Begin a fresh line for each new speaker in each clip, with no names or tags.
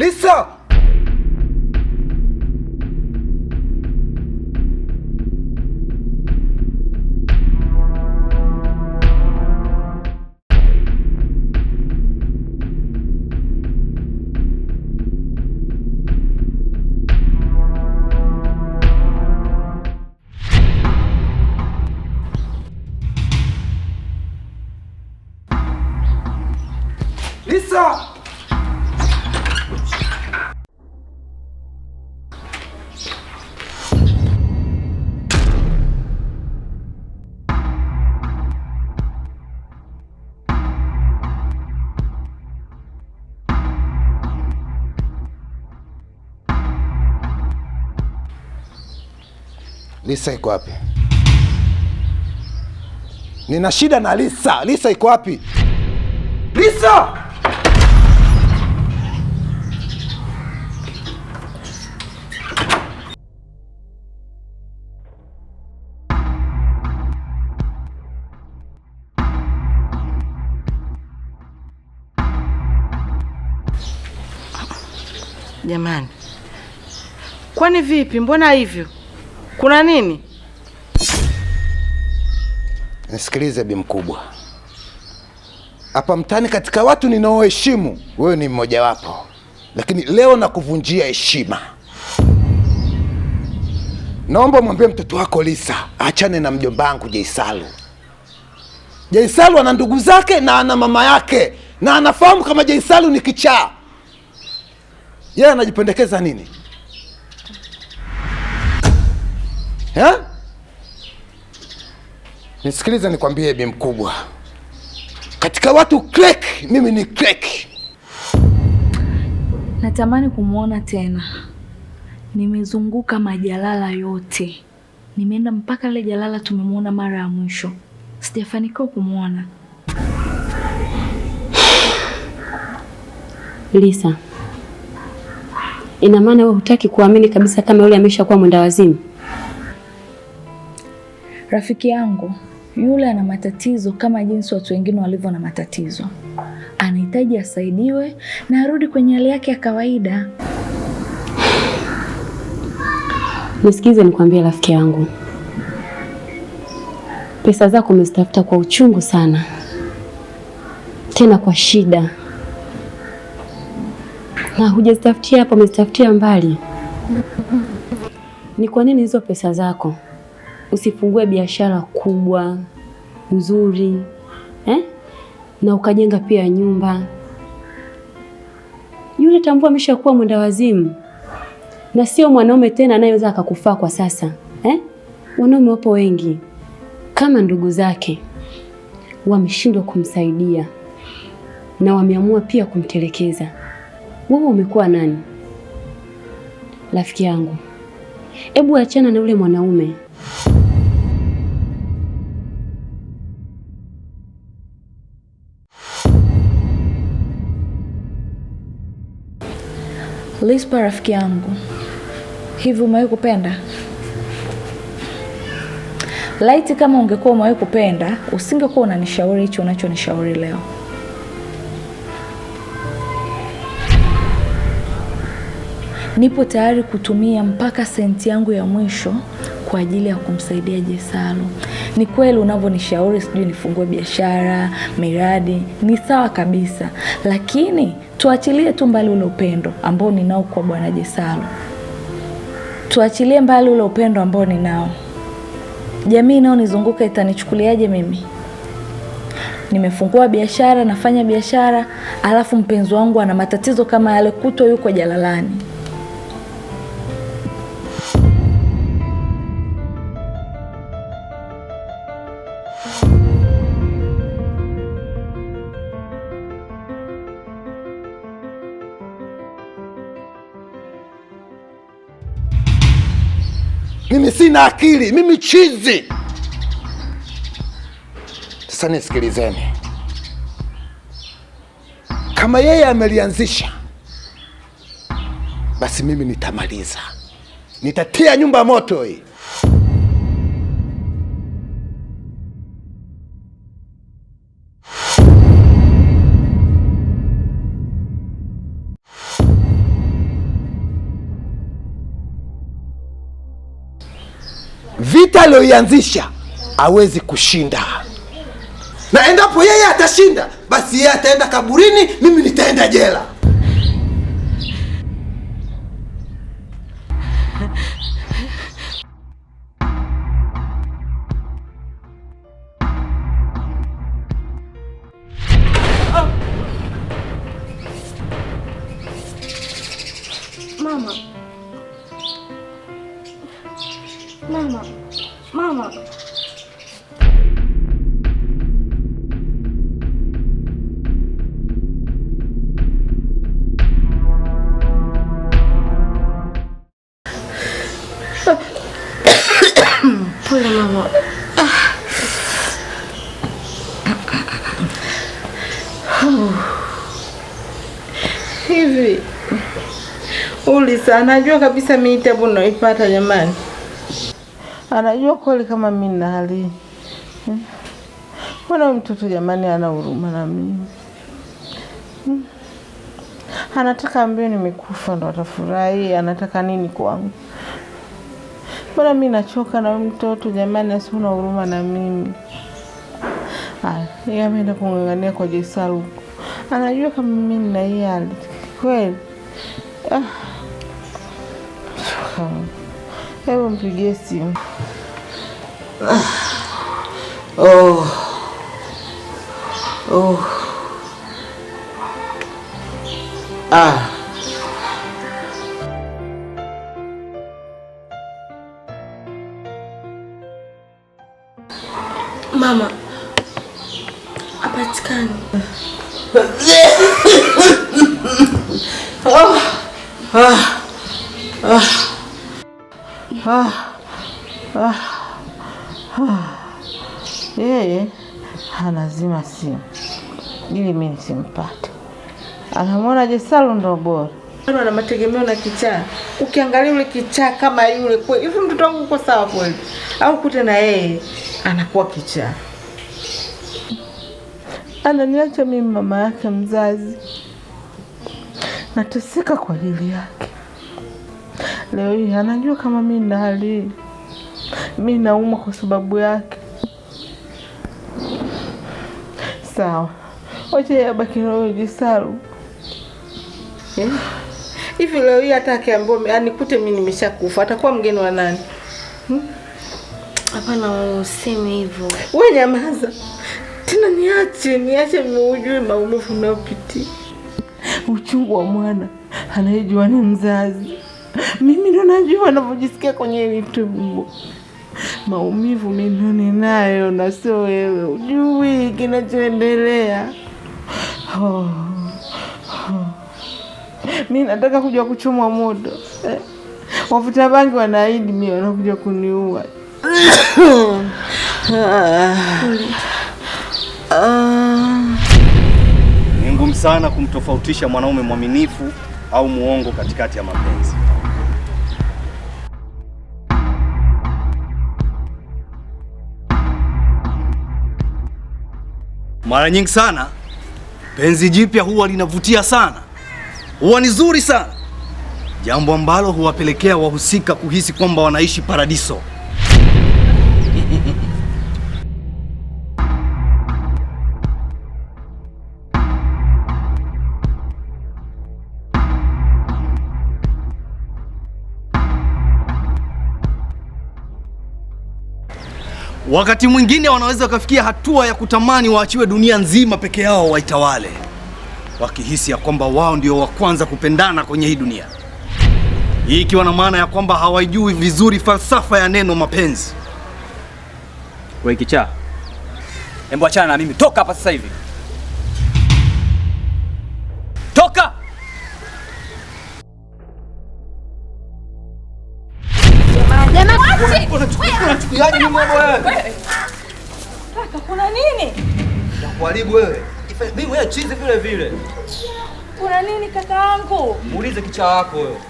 리스 Lisa iko wapi? Nina shida na Lisa. Lisa iko wapi? Lisa!
Jamani. Kwani vipi? Mbona hivyo? kuna nini?
Nisikilize bi mkubwa, hapa mtani katika watu ninaoheshimu wewe ni mmojawapo, lakini leo nakuvunjia heshima. Naomba mwambie mtoto wako Lisa achane na mjomba wangu Jaisalu. Jaisalu ana ndugu zake na ana mama yake, na anafahamu kama Jaisalu ni kichaa. Yeye anajipendekeza nini? nisikiliza Nisikilize nikwambie, bi mkubwa, katika watu crack, mimi ni crack.
Natamani kumwona tena. Nimezunguka majalala yote, nimeenda mpaka ile jalala tumemwona mara ya mwisho, sijafanikiwa kumwona.
Lisa, ina maana wewe hutaki kuamini kabisa kama yule ameshakuwa mwenda wazimu?
Rafiki yangu yule ana matatizo kama jinsi watu wengine walivyo na matatizo, anahitaji asaidiwe na arudi kwenye hali yake ya kawaida.
Nisikize nikwambie, rafiki yangu, pesa zako umezitafuta kwa uchungu sana, tena kwa shida, na hujazitafutia hapo umezitafutia mbali. Ni kwa nini hizo pesa zako usifungue biashara kubwa nzuri eh? na ukajenga pia nyumba. Yule Tambua ameshakuwa mwenda wazimu na sio mwanaume tena anayeweza akakufaa kwa sasa eh? Wanaume wapo wengi kama ndugu zake wameshindwa kumsaidia na wameamua pia kumtelekeza. Wewe umekuwa nani rafiki yangu? Hebu achana na yule mwanaume. Lispa, rafiki yangu, hivi umewahi kupenda? Laiti kama ungekuwa umewahi kupenda, usingekuwa unanishauri hicho unachonishauri leo. Nipo tayari kutumia mpaka senti yangu ya mwisho kwa ajili ya kumsaidia Jesalu. Ni kweli unavyonishauri, sijui nifungue biashara, miradi, ni sawa kabisa, lakini tuachilie tu mbali ule upendo ambao ninao kwa Bwana Jesalu, tuachilie mbali ule upendo ambao ninao. Jamii inayonizunguka itanichukuliaje mimi? Nimefungua biashara, nafanya biashara, alafu mpenzi wangu ana matatizo kama yale, kuto yuko jalalani.
sina akili mimi chizi. Sasa nisikilizeni, kama yeye amelianzisha basi mimi nitamaliza, nitatia nyumba moto hii. vita aliyoianzisha awezi kushinda, na endapo yeye atashinda, basi yeye ataenda kaburini, mimi nitaenda jela.
Hivi Ulisa anajua kabisa mimi tabu naipata jamani, anajua kweli kama mi nali hali hmm? mtoto jamani ana huruma na mimi hmm? Anataka ambayo nimekufa ndo atafurahi, anataka nini kwangu? mbona mi nachoka na mtoto jamani, asiwe na huruma na mimi. Yeye ameenda kung'ang'ania kwa Jesalu, anajua kama mimi nina hii hali kweli. Ah. Hebu mpigie simu. Ah. Oh. Oh.
Ah. mama apatikani ah.
ah. ah. Yeye anazima simu ili mimi nisimpate. Anamwona Jesalu ndo bora ana mategemeo na kichaa. Ukiangalia ule kichaa kama yule, hivi mtoto wangu uko sawa kweli? Au kute na yeye anakuwa kichaa, ananiacha mimi mama yake mzazi, nateseka kwa ajili yake. Leo hii anajua kama mimi na hali mimi naumwa kwa sababu yake. Sawa, wacha yabaki naojisaru eh? hivi. Leo hii hata akiambiwa anikute mimi nimeshakufa, atakuwa mgeni wa nani? hmm?
Hapana, useme hivyo.
Wewe nyamaza. Tena niache, niache niujue maumivu unayopitia. Uchungu wa mwana anayejua ni mzazi. Mimi ndo najua anavyojisikia kwenye ile tumbo. Maumivu mimi ndo ninayo na sio wewe. Ujui kinachoendelea. Oh. Oh. Mimi nataka kuja kuchomwa moto. Eh. Wavuta bangi wanaahidi mimi wanakuja kuniua.
Ni ngumu sana kumtofautisha mwanaume mwaminifu au muongo katikati ya mapenzi. Mara nyingi sana penzi jipya huwa linavutia sana, huwa ni zuri sana, jambo ambalo huwapelekea wahusika kuhisi kwamba wanaishi paradiso. Wakati mwingine wanaweza wakafikia hatua ya kutamani waachiwe dunia nzima peke yao waitawale, wakihisi ya kwamba wao ndio wa kwanza kupendana kwenye hii dunia, hii ikiwa na maana ya kwamba hawajui vizuri falsafa ya neno mapenzi. Wekicha, embo achana na mimi, toka hapa sasa hivi.
kuharibu wewe. Mimi wewe chizi vile vile.
Kuna nini kaka wangu?
Muulize kicha wako wewe.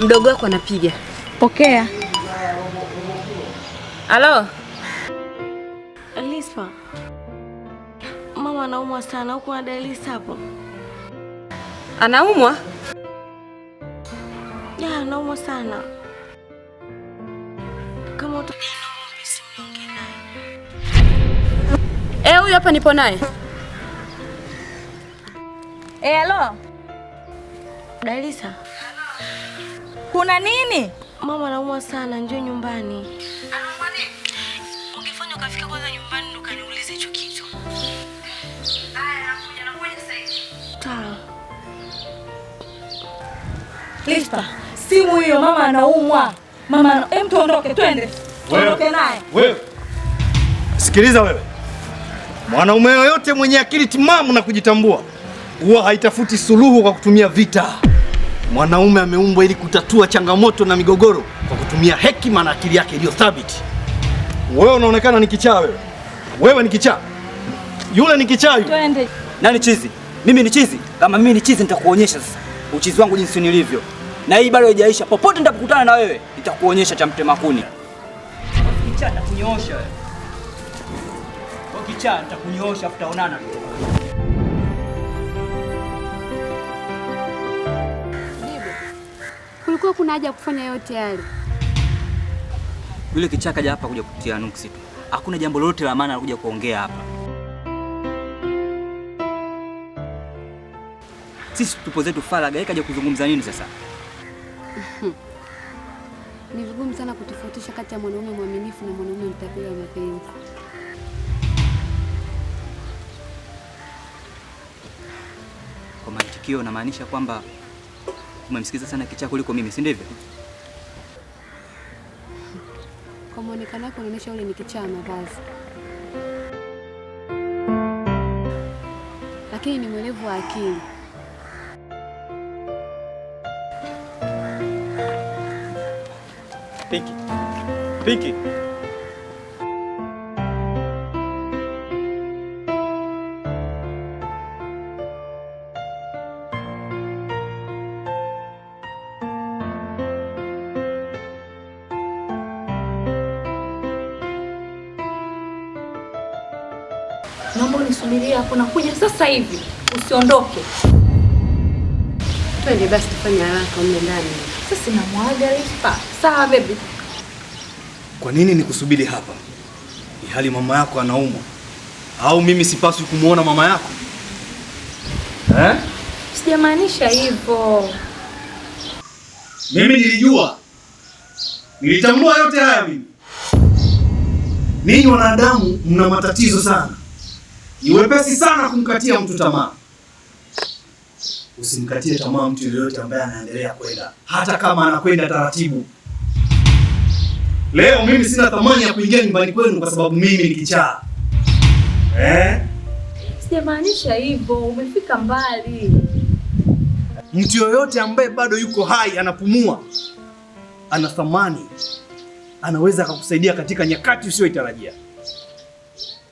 Mdogo wako anapiga. Pokea. Halo.
Lispa. Mama anaumwa sana huko na dialysis hapo. Anaumwa? Ya, anaumwa sana mtoto.
Eh, huyu hapa nipo naye. Eh, halo.
Dalisa. Kuna nini?
Mama anaumwa sana, njoo nyumbani.
Anaumwa nini? Ungefanya ukafika kwanza nyumbani ndo kaniulize hicho kitu. Haya, nakuja nakuja sasa
Lista, simu hiyo mama anaumwa. Mama, hem tuondoke, twende. Wewe.
Wewe. Sikiliza wewe, mwanaume yoyote mwenye akili timamu na kujitambua huwa haitafuti suluhu kwa kutumia vita. Mwanaume ameumbwa ili kutatua changamoto na migogoro kwa kutumia hekima na akili yake iliyo thabiti. Wewe unaonekana ni kichaa wewe. Wewe ni kichaa. Yule ni kichaa yule. Twende. Nani chizi? Mimi ni chizi. Kama mimi ni chizi nitakuonyesha sasa uchizi wangu jinsi nilivyo, na hii bado haijaisha. Popote nitakutana na wewe nitakuonyesha cha mtemakuni. Ukichaa nitakunyoosha wewe. Ukichaa nitakunyoosha, tutaonana.
Kulikuwa kuna haja ya kufanya yote yale.
Yule kichaa kaja hapa kuja kutia nuksi tu, hakuna jambo lolote la maana kuja kuongea hapa. Sisi tupo zetu faraga, yeye kaja kuzungumza nini sasa?
Ni vigumu sana kutofautisha kati ya mwanaume mwaminifu na mwanaume mtapeli wa mapenzi.
Kwa mantikio unamaanisha kwamba umemsikiza sana kichaa kuliko mimi, si ndivyo?
Kwa mwonekano wako unaonyesha ule ni kichaa mavazi, lakini ni mwelevu wa akili.
Pinky. Pinky.
Naomba unisubirie hapo, nakuja sasa hivi, usiondoke.
Twende basi, tufanye haraka mle ndani
na mwaga lipa. Sawa bebi.
Kwa nini nikusubiri hapa ni hali mama yako anaumwa? Au mimi sipaswi kumwona mama yako eh?
Sijamaanisha hivyo.
Mimi nilijua, nilitambua yote haya. Mimi ninyi wanadamu mna matatizo sana, ni wepesi sana kumkatia mtu tamaa usimkatie tamaa mtu yoyote ambaye anaendelea kwenda, hata kama anakwenda taratibu. Leo mimi sina thamani ya kuingia nyumbani kwenu kwa sababu mimi ni kichaa eh?
Sijamaanisha hivyo, umefika mbali.
Mtu yoyote ambaye bado yuko hai, anapumua, ana thamani, anaweza akakusaidia katika nyakati usiyoitarajia.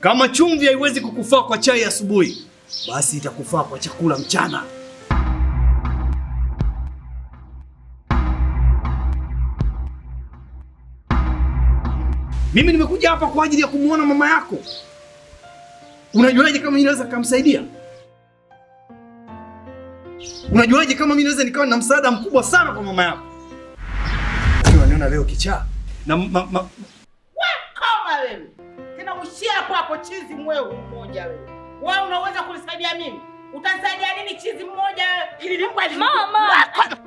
Kama chumvi haiwezi kukufaa kwa chai asubuhi, basi itakufaa kwa chakula mchana. Mimi nimekuja hapa kwa ajili ya kumwona mama yako. Unajuaje kama mimi naweza kumsaidia? Unajuaje kama mimi naweza nikawa na msaada mkubwa sana kwa mama yako? Unaniona leo kichaa na ma, ma... We,
Kama wewe tena ushia hapo hapo, chizi mwewe mmoja wewe. Wewe unaweza kunisaidia mimi? Utasaidia nini chizi mmoja ili mama?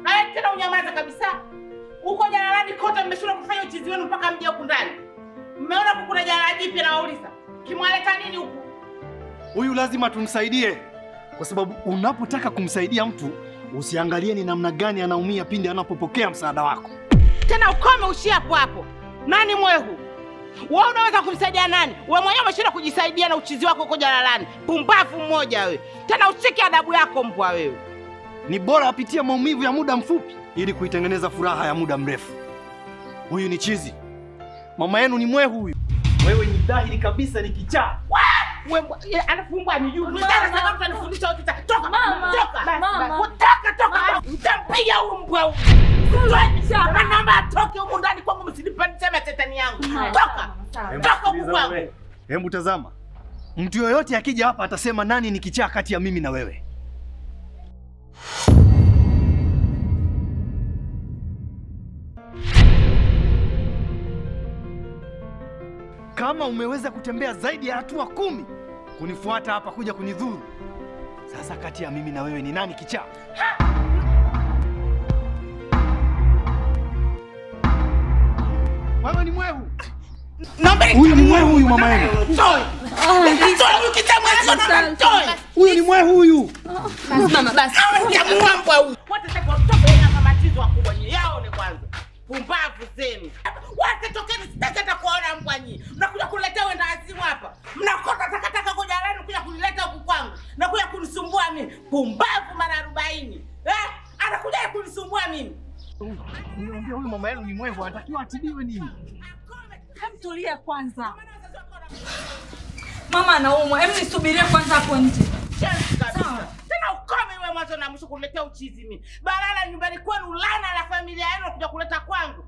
Na Tena unyamaza kabisa. Uko jalalani kote mmeshindwa kufanya uchizi wenu mpaka mje huku ndani. Mmeona huku kuna jalala jipya, nawauliza kimwaleta nini huku?
Huyu lazima tumsaidie, kwa sababu unapotaka kumsaidia mtu usiangalie ni namna gani anaumia pindi anapopokea msaada wako.
Tena ukome, ushi hapo hapo. Nani mwehu huu? unaweza kumsaidia nani? we mwenyewe umeshinda kujisaidia na uchizi wako uko jalalani. Pumbavu mmoja wewe. Tena ushike adabu yako mbwa wewe.
Ni bora apitie maumivu ya muda mfupi ili kuitengeneza furaha ya muda mrefu. Huyu ni chizi. Mama yenu ni mwehu huyu. Wewe ni dhahiri kabisa ni kichaa.
Mtampiga huyu mbwa. Naomba atoke huko ndani kwangu, msinipande sema tetani yangu. Toka. Toka huko kwangu.
Hebu tazama. Mtu yoyote akija hapa atasema nani ni kichaa kati ya mimi na wewe. Kama umeweza kutembea zaidi ya hatua kumi kunifuata hapa kuja kunidhuru, sasa kati ya mimi na wewe ni nani kichaa? Wewe ni mwehu. Huyu ni mwehu huyu mama yenu. Ah, huyu ni mwehu huyu.
Mama basi.
Huyu. Pumbavu zenu. tokeni, sitaki hata kuona mbwa nyinyi. Mnakuja kuniletea wenda azimu hapa. Mnakota takataka kwa jalani kuja kunileta huku kwangu. Na kuja kunisumbua mimi. Pumbavu mara 40. Eh? Anakuja kunisumbua mimi. Niambia huyu mama yenu ni mwevu, anatakiwa atibiwe nini?
Hamtulia kwanza. Mama anaumwa. Hebu nisubirie kwanza hapo nje.
Sawa mawazo na mwisho kuletea uchizi mimi. Balala nyumbani kwenu, lana la familia yenu kuja kuleta kwangu.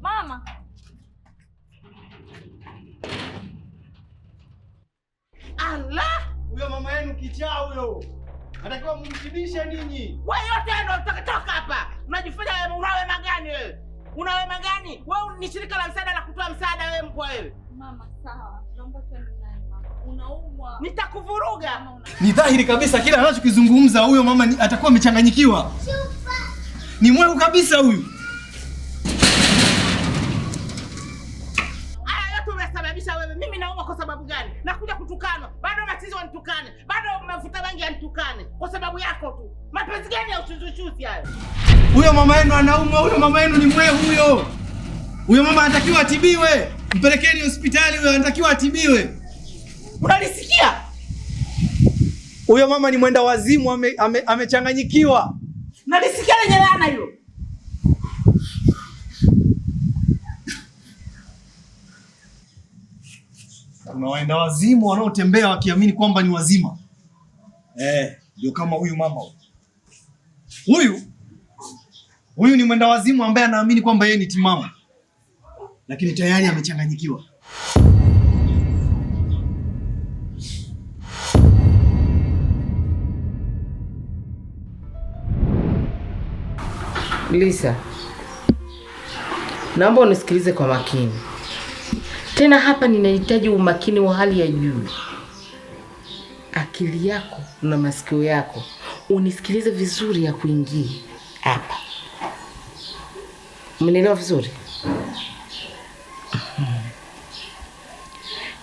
Mama. Ala,
huyo mama yenu kichaa huyo. Anatakiwa mumshibishe ninyi.
Wewe yote ndio toka hapa. Unajifanya una wema gani wewe? Una wema gani? Wewe ni shirika la msaada la kutoa msaada wewe mko wewe.
Mama sawa. Naomba tuende.
Nitakuvuruga.
Ni dhahiri kabisa kila anachokizungumza huyo mama ni, atakuwa amechanganyikiwa. Ni mwangu kabisa huyu.
Haya yote umesababisha wewe. Mimi nauma kwa sababu gani? Nakuja kutukana. Bado matizo wanitukane. Bado mafuta mengi yanitukane kwa sababu yako tu. Mapenzi gani ya uchuzuchuzi hayo?
Huyo mama yenu anauma, huyo mama yenu ni mwe huyo. Huyo mama anatakiwa atibiwe. Mpelekeni hospitali huyo anatakiwa atibiwe.
Unalisikia?
Huyo mama ni mwenda wazimu, amechanganyikiwa, ame, ame
nalisikia lenye laana hilo.
Kuna waenda wazimu wanaotembea wakiamini kwamba ni wazima, eh, ndio kama huyu mama huyu huyu ni mwenda wazimu ambaye anaamini kwamba yeye ni timamu, lakini tayari amechanganyikiwa.
Lisa, naomba unisikilize kwa makini tena. Hapa ninahitaji umakini wa hali ya juu, akili yako na masikio yako unisikilize vizuri, ya kuingia hapa. Mnielewa vizuri?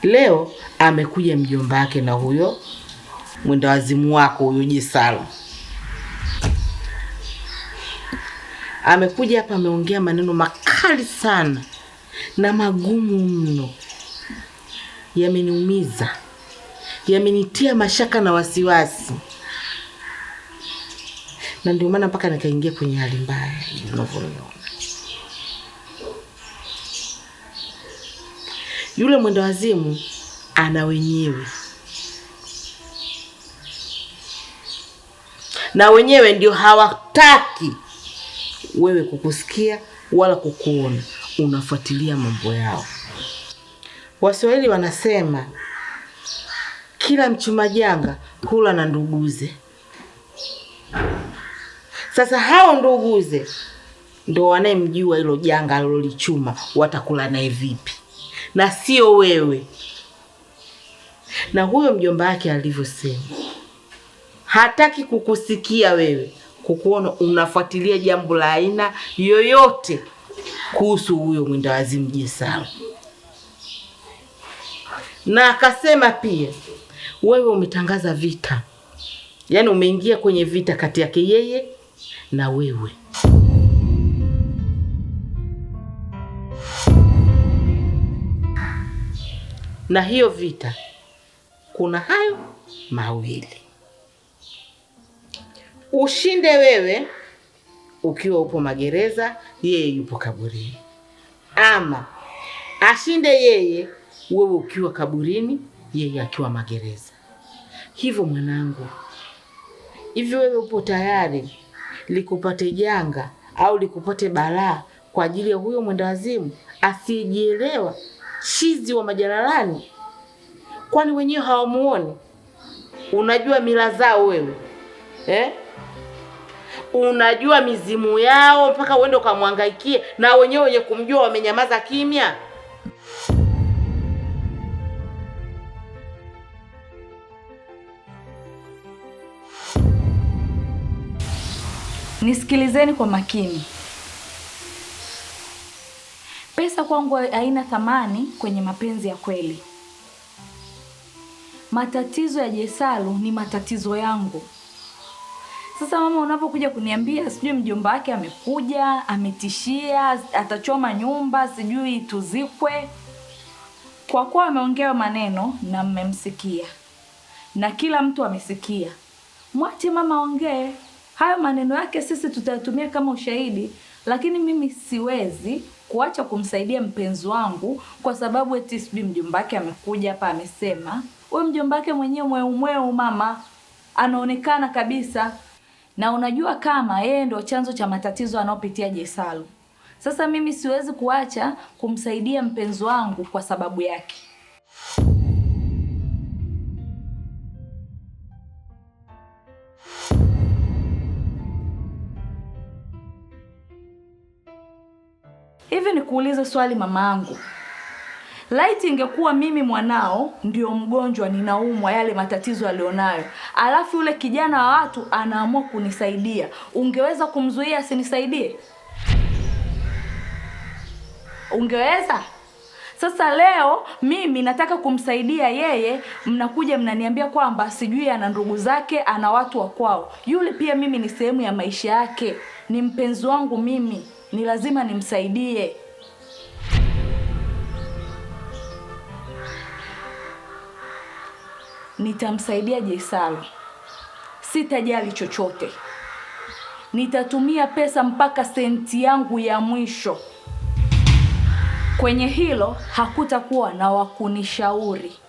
Leo amekuja mjomba wake na huyo mwendawazimu wako huyo Jesalu amekuja hapa ameongea maneno makali sana na magumu mno, yameniumiza, yamenitia mashaka na wasiwasi, na ndio maana mpaka nikaingia kwenye hali mbaya unavyoniona. Yule mwenda wazimu ana wenyewe na wenyewe ndio hawataki wewe kukusikia wala kukuona, unafuatilia mambo yao. Waswahili wanasema kila mchuma janga kula na nduguze. Sasa hao nduguze ndo wanayemjua hilo janga alilolichuma, watakula naye vipi na sio wewe. Na huyo mjomba wake alivyosema, hataki kukusikia wewe kukuona unafuatilia jambo la aina yoyote kuhusu huyo mwindawazimu Jesamu. Na akasema pia, wewe umetangaza vita, yaani umeingia kwenye vita kati yake yeye na wewe. Na hiyo vita kuna hayo mawili ushinde wewe ukiwa upo magereza, yeye yupo kaburini, ama ashinde yeye, wewe ukiwa kaburini, yeye akiwa magereza. Hivyo mwanangu, hivi wewe upo tayari likupate janga au likupate balaa kwa ajili ya huyo mwendawazimu asiyejielewa, chizi wa majalalani? Kwani wenyewe hawamuoni? Unajua mila zao wewe eh? unajua mizimu yao mpaka uende ukamwangaikie, na wenyewe wenye kumjua wamenyamaza kimya. Nisikilizeni kwa makini. Pesa kwangu haina thamani kwenye mapenzi ya kweli. Matatizo ya Jesalu ni matatizo yangu. Sasa mama unapokuja kuniambia sijui mjomba wake amekuja, ametishia atachoma nyumba, sijui tuzikwe, kwa kuwa ameongea maneno na mmemsikia na kila mtu amesikia, mwache mama ongee hayo maneno yake, sisi tutayatumia kama ushahidi, lakini mimi siwezi kuacha kumsaidia mpenzi wangu kwa sababu eti sijui mjomba wake amekuja hapa amesema. Huyo mjomba wake mwenyewe mweumweu, mama, anaonekana kabisa na unajua kama yeye ndio chanzo cha matatizo anayopitia Jesalu. Sasa mimi siwezi kuacha kumsaidia mpenzi wangu kwa sababu yake. Hivi nikuulize swali angu Laiti ingekuwa mimi mwanao ndio mgonjwa, ninaumwa yale matatizo alionayo, alafu yule kijana wa watu anaamua kunisaidia, ungeweza kumzuia asinisaidie? Ungeweza? Sasa leo mimi nataka kumsaidia yeye, mnakuja mnaniambia kwamba sijui ana ndugu zake, ana watu wa kwao. Yule pia mimi ni sehemu ya maisha yake, ni mpenzi wangu mimi, ni lazima nimsaidie. nitamsaidia Jesalu, sitajali chochote, nitatumia pesa mpaka senti yangu ya mwisho. Kwenye hilo hakutakuwa na wakunishauri.